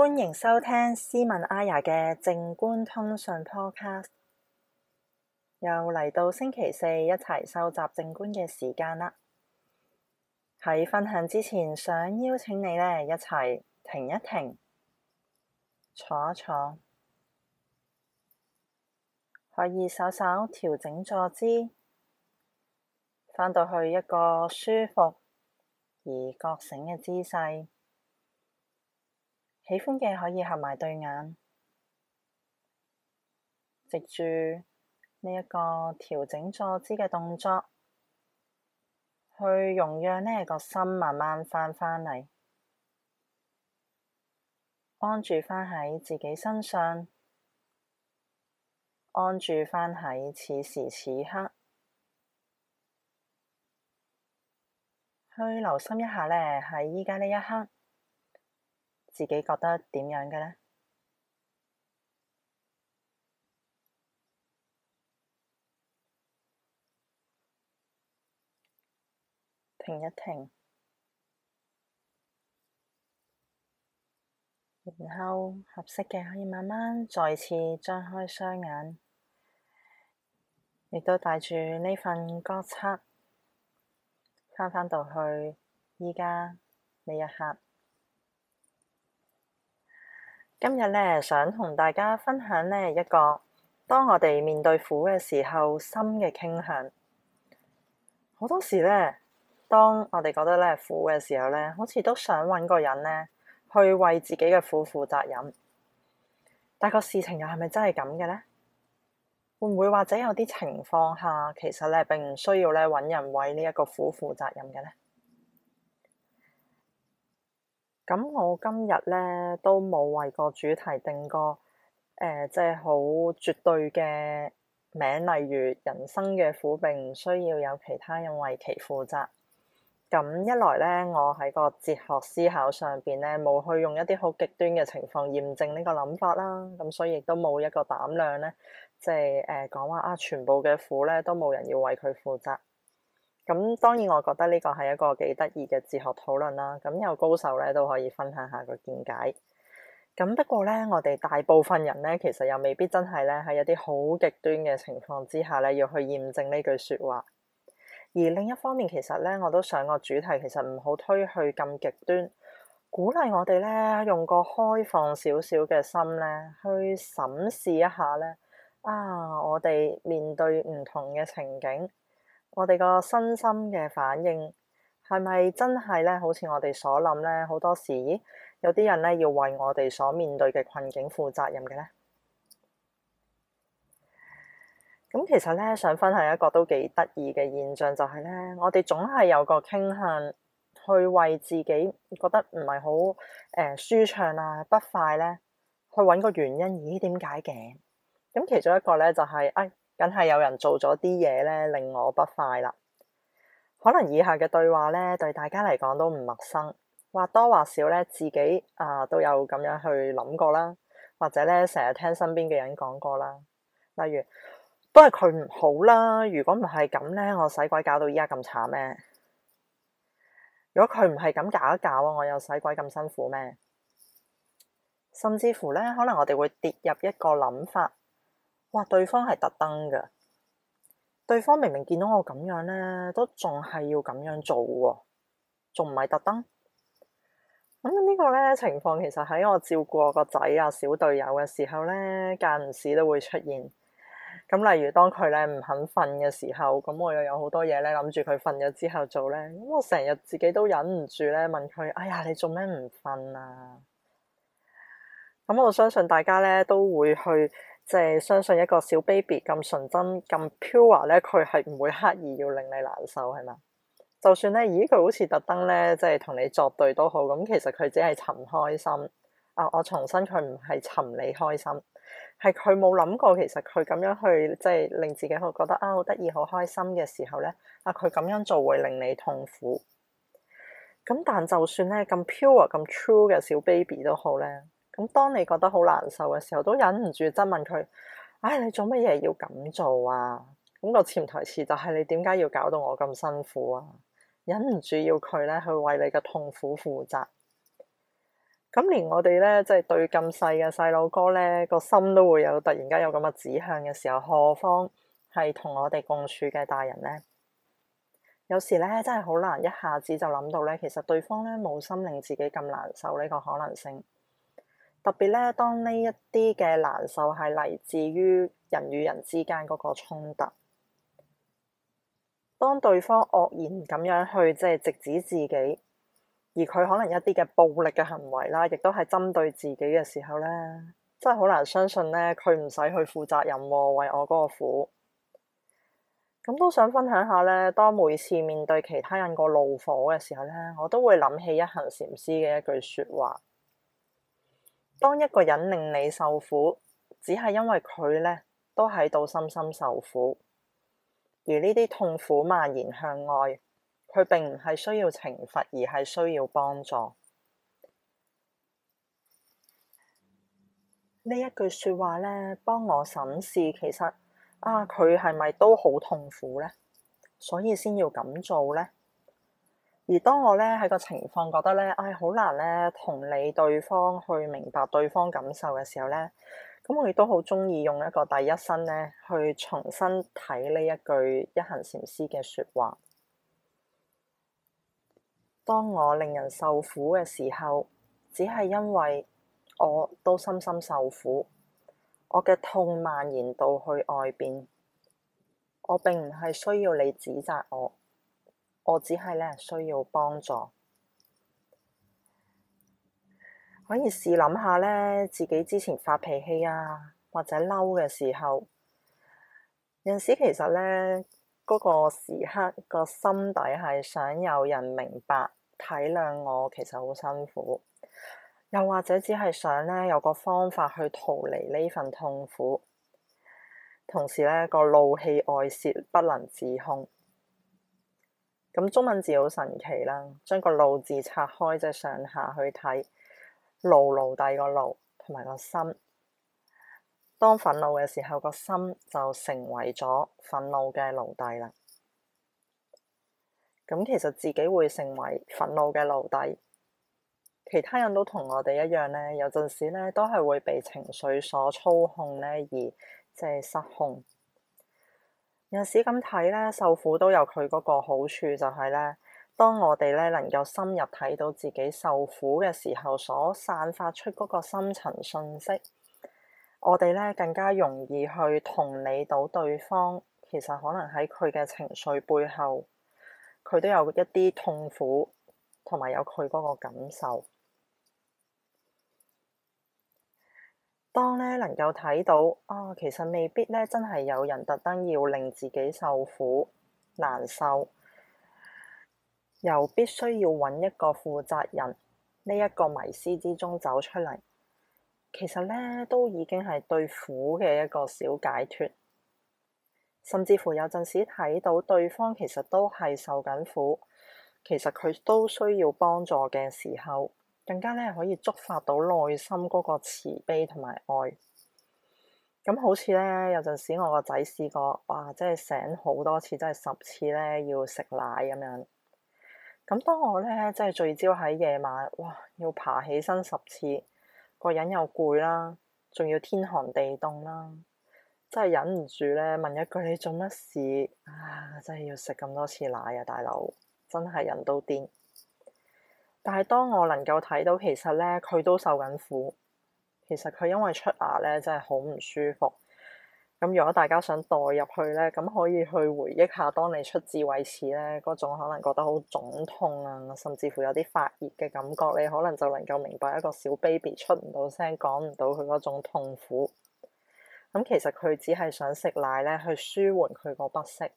歡迎收聽斯文阿雅嘅正觀通訊 podcast，又嚟到星期四一齊收集正觀嘅時間啦！喺分享之前，想邀請你呢，一齊停一停，坐一坐，可以稍稍調整坐姿，返到去一個舒服而覺醒嘅姿勢。喜歡嘅可以合埋對眼，藉住呢一個調整坐姿嘅動作，去容讓呢個心慢慢翻返嚟，安住翻喺自己身上，安住翻喺此時此刻，去留心一下呢喺依家呢一刻。自己覺得點樣嘅呢？停一停，然後合適嘅可以慢慢再次張開雙眼，亦都帶住呢份覺察，翻返到去而家呢一刻。今日咧，想同大家分享咧一個，當我哋面對苦嘅時候，心嘅傾向，好多時咧，當我哋覺得咧苦嘅時候咧，好似都想揾個人咧去為自己嘅苦負責任，但個事情又係咪真係咁嘅咧？會唔會或者有啲情況下，其實咧並唔需要咧揾人為呢一個苦負責任嘅咧？咁我今日咧都冇為個主題定過誒，即係好絕對嘅名，例如人生嘅苦並唔需要有其他人為其負責。咁一來咧，我喺個哲學思考上邊咧冇去用一啲好極端嘅情況驗證呢個諗法啦。咁所以亦都冇一個膽量咧，即係誒，講話啊全部嘅苦咧都冇人要為佢負責。咁當然，我覺得呢個係一個幾得意嘅哲學討論啦。咁有高手咧都可以分享下個見解。咁不過咧，我哋大部分人咧，其實又未必真係咧，喺一啲好極端嘅情況之下咧，要去驗證呢句説話。而另一方面，其實咧，我都想個主題其實唔好推去咁極端，鼓勵我哋咧用個開放少少嘅心咧，去審視一下咧，啊，我哋面對唔同嘅情景。我哋個身心嘅反應係咪真係咧？好似我哋所諗咧，好多時，咦，有啲人咧要為我哋所面對嘅困境負責任嘅咧。咁其實咧，想分享一個都幾得意嘅現象，就係咧，我哋總係有個傾向去為自己覺得唔係好誒舒暢啊、不快咧，去揾個原因，咦，點解嘅？咁其中一個咧就係誒。哎梗係有人做咗啲嘢咧，令我不快啦。可能以下嘅對話咧，對大家嚟講都唔陌生，或多或少咧自己啊、呃、都有咁樣去諗過啦，或者咧成日聽身邊嘅人講過啦。例如，都係佢唔好啦。如果唔係咁咧，我使鬼搞到依家咁慘咩？如果佢唔係咁搞一搞，我又使鬼咁辛苦咩？甚至乎咧，可能我哋會跌入一個諗法。哇！對方係特登嘅，對方明明見到我咁樣咧，都仲係要咁樣做喎、哦，仲唔係特登咁？呢個咧情況，其實喺我照顧我個仔啊，小隊友嘅時候咧，間唔時都會出現。咁例如當佢咧唔肯瞓嘅時候，咁我又有好多嘢咧諗住佢瞓咗之後做咧，咁我成日自己都忍唔住咧問佢：哎呀，你做咩唔瞓啊？咁我相信大家咧都會去。即係相信一個小 baby 咁純真咁 pure 咧，佢係唔會刻意要令你難受係嘛？就算咧，咦佢好似特登咧，即係同你作對都好，咁其實佢只係尋開心。啊，我重申佢唔係尋你開心，係佢冇諗過其實佢咁樣去即係、就是、令自己去覺得啊好得意好開心嘅時候咧，啊佢咁樣做會令你痛苦。咁但就算咧咁 pure 咁 true 嘅小 baby 都好咧。咁，當你覺得好難受嘅時候，都忍唔住質問佢：唉，你做乜嘢要咁做啊？咁個潛台詞就係你點解要搞到我咁辛苦啊？忍唔住要佢咧去為你嘅痛苦負責。咁，連我哋咧即係對咁細嘅細路哥咧，個心都會有突然間有咁嘅指向嘅時候，何況係同我哋共處嘅大人咧？有時咧真係好難一下子就諗到咧，其實對方咧冇心令自己咁難受呢個可能性。特別咧，當呢一啲嘅難受係嚟自於人與人之間嗰個衝突，當對方愕然咁樣去即係直指自己，而佢可能一啲嘅暴力嘅行為啦，亦都係針對自己嘅時候咧，真係好難相信咧，佢唔使去負責任，為我嗰個苦。咁都想分享下咧，當每次面對其他人個怒火嘅時候咧，我都會諗起一行禪師嘅一句説話。當一個人令你受苦，只係因為佢呢都喺度深深受苦，而呢啲痛苦蔓延向外，佢並唔係需要懲罰，而係需要幫助。呢一句說話呢，幫我審視，其實啊，佢係咪都好痛苦呢？所以先要咁做呢。而當我咧喺個情況覺得咧，唉、哎，好難咧同你對方去明白對方感受嘅時候咧，咁我亦都好中意用一個第一身咧去重新睇呢一句一行禪師嘅説話。當我令人受苦嘅時候，只係因為我都深深受苦，我嘅痛蔓延到去外邊，我並唔係需要你指責我。我只係咧需要幫助，可以試諗下咧自己之前發脾氣啊，或者嬲嘅時候，有陣時其實咧嗰個時刻個心底係想有人明白體諒我，其實好辛苦，又或者只係想咧有個方法去逃離呢份痛苦，同時咧個怒氣外泄不能自控。咁中文字好神奇啦，將個怒字拆開，即係上下去睇，奴，奴隸個奴，同埋個心。當憤怒嘅時候，個心就成為咗憤怒嘅奴隸啦。咁其實自己會成為憤怒嘅奴隸，其他人都同我哋一樣呢。有陣時呢，都係會被情緒所操控呢，而即係失控。有陣時咁睇咧，受苦都有佢嗰個好處，就係咧，當我哋咧能夠深入睇到自己受苦嘅時候，所散發出嗰個深層訊息，我哋咧更加容易去同理到對方。其實可能喺佢嘅情緒背後，佢都有一啲痛苦，同埋有佢嗰個感受。當咧能夠睇到啊、哦，其實未必咧真係有人特登要令自己受苦難受，由必須要搵一個負責人呢一、這個迷思之中走出嚟，其實咧都已經係對苦嘅一個小解脫，甚至乎有陣時睇到對方其實都係受緊苦，其實佢都需要幫助嘅時候。更加咧可以觸發到內心嗰個慈悲同埋愛，咁好似咧有陣時我個仔試過，哇！真係醒好多次，真係十次咧要食奶咁樣。咁當我咧真係聚焦喺夜晚，哇！要爬起身十次，個人又攰啦，仲要天寒地凍啦，真係忍唔住咧問一句：你做乜事？啊！真係要食咁多次奶啊，大佬！真係人都癲。但係，當我能夠睇到，其實咧佢都受緊苦。其實佢因為出牙咧，真係好唔舒服。咁如果大家想代入去咧，咁可以去回憶下，當你出智慧齒咧，嗰種可能覺得好腫痛啊，甚至乎有啲發熱嘅感覺，你可能就能夠明白一個小 baby 出唔到聲，講唔到佢嗰種痛苦。咁其實佢只係想食奶咧，去舒緩佢個不適。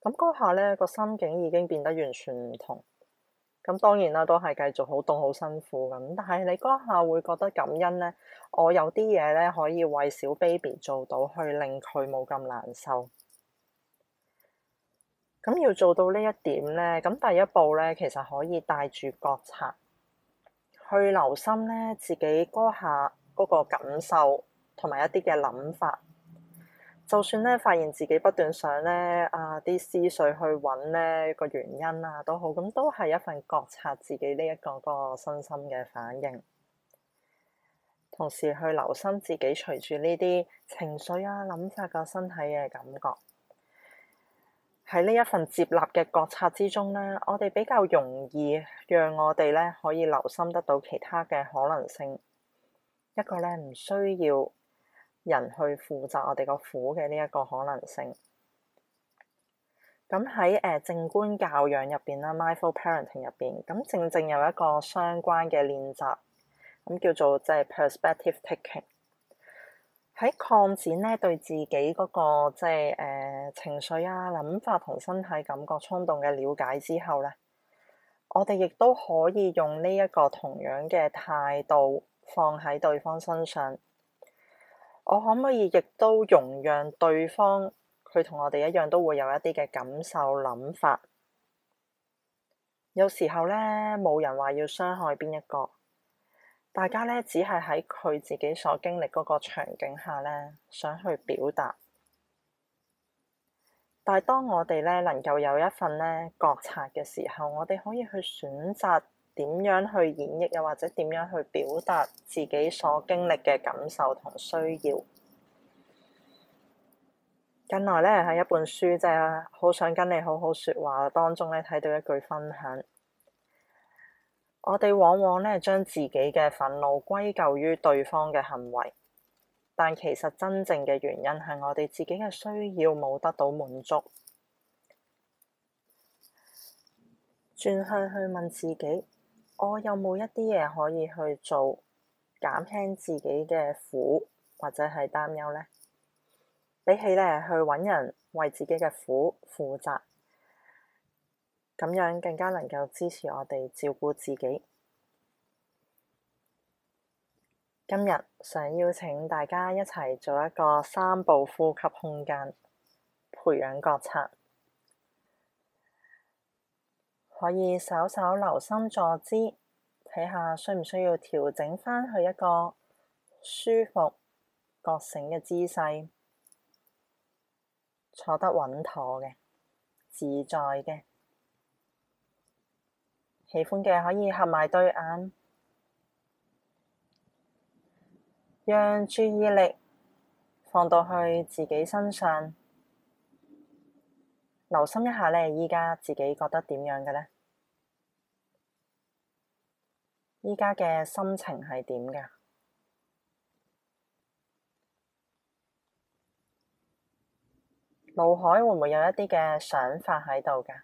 咁嗰下咧，個心境已經變得完全唔同。咁當然啦，都係繼續好凍好辛苦咁，但係你嗰下會覺得感恩咧，我有啲嘢咧可以為小 baby 做到，去令佢冇咁難受。咁要做到呢一點咧，咁第一步咧，其實可以帶住覺察去留心咧自己嗰下嗰個感受同埋一啲嘅諗法。就算咧，發現自己不斷想咧，啊啲思緒去揾咧個原因啊，都好，咁都係一份覺察自己呢、這、一個個身心嘅反應，同時去留心自己隨住呢啲情緒啊、諗法個身體嘅感覺。喺呢一份接納嘅覺察之中咧，我哋比較容易讓我哋咧可以留心得到其他嘅可能性。一個咧唔需要人去負責我哋個苦嘅呢一個可能性，咁喺誒正觀教養入邊啦，Mindful Parenting 入邊，咁正正有一個相關嘅練習，咁叫做即係 Perspective Taking。喺、就是、擴展呢對自己嗰、那個即係誒情緒啊、諗法同身體感覺衝動嘅了解之後咧，我哋亦都可以用呢一個同樣嘅態度放喺對方身上。我可唔可以亦都容讓對方佢同我哋一樣都會有一啲嘅感受、諗法？有時候呢，冇人話要傷害邊一個，大家呢只係喺佢自己所經歷嗰個場景下呢想去表達。但係當我哋呢能夠有一份呢覺察嘅時候，我哋可以去選擇。點樣去演繹，又或者點樣去表達自己所經歷嘅感受同需要？近來呢，喺一本書，即係好想跟你好好説話當中呢，睇到一句分享，我哋往往呢將自己嘅憤怒歸咎於對方嘅行為，但其實真正嘅原因係我哋自己嘅需要冇得到滿足。轉向去問自己。我、哦、有冇一啲嘢可以去做減輕自己嘅苦或者係擔憂呢？比起呢去揾人為自己嘅苦負責，咁樣更加能夠支持我哋照顧自己。今日想邀請大家一齊做一個三步呼吸空間，培養覺察。可以稍稍留心坐姿，睇下需唔需要調整返去一個舒服、覺醒嘅姿勢，坐得穩妥嘅、自在嘅。喜歡嘅可以合埋對眼，讓注意力放到去自己身上。留心一下呢，而家自己覺得點樣嘅呢？而家嘅心情係點噶？腦海會唔會有一啲嘅想法喺度噶？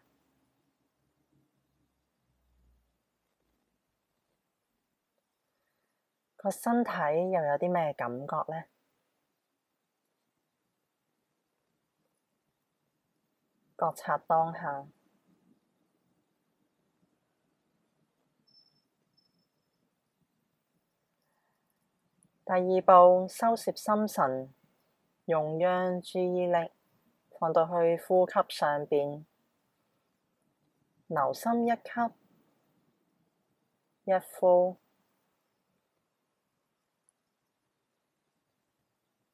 個身體又有啲咩感覺呢？覺察當下。第二步，收攝心神，容讓注意力放到去呼吸上面，留心一吸一呼，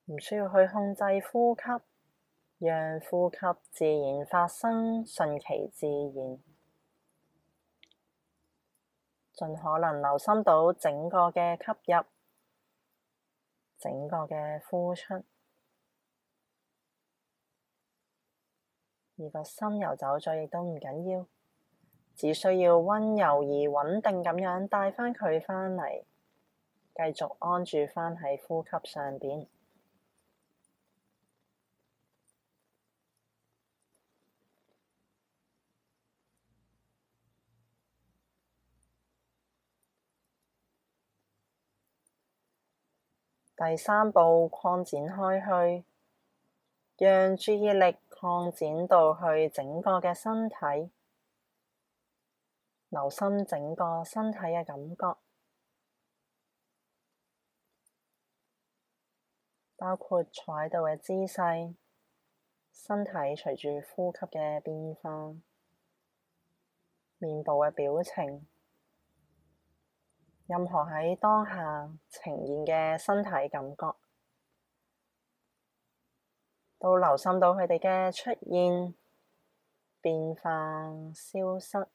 唔需要去控制呼吸。讓呼吸自然發生，順其自然，盡可能留心到整個嘅吸入、整個嘅呼出，而個心游走咗亦都唔緊要，只需要温柔而穩定咁樣帶返佢返嚟，繼續安住返喺呼吸上邊。第三步，擴展開去，讓注意力擴展到去整個嘅身體，留心整個身體嘅感覺，包括坐喺度嘅姿勢、身體隨住呼吸嘅變化、面部嘅表情。任何喺當下呈現嘅身體感覺，都留心到佢哋嘅出現、變化、消失，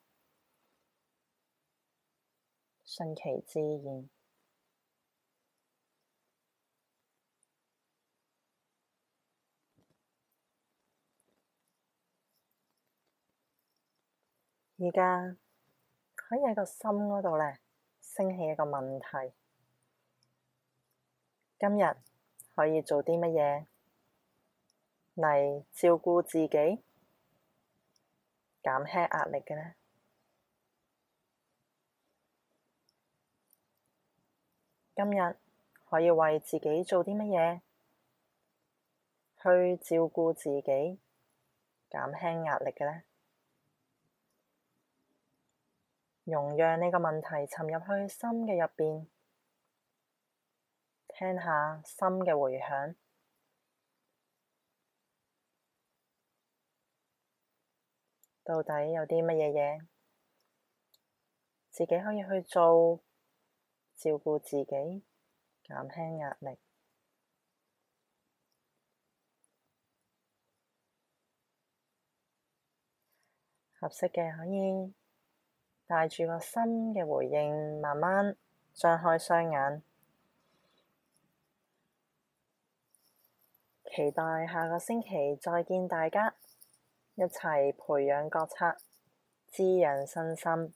順其自然。而家可以喺個心嗰度呢。升起一個問題：今日可以做啲乜嘢嚟照顧自己、減輕壓力嘅呢？今日可以為自己做啲乜嘢去照顧自己、減輕壓力嘅呢？容讓呢個問題，沉入去心嘅入邊，聽下心嘅回響，到底有啲乜嘢嘢，自己可以去做，照顧自己，減輕壓力，合適嘅可以。帶住個新嘅回應，慢慢張開雙眼，期待下個星期再見大家，一齊培養覺察，滋養身心。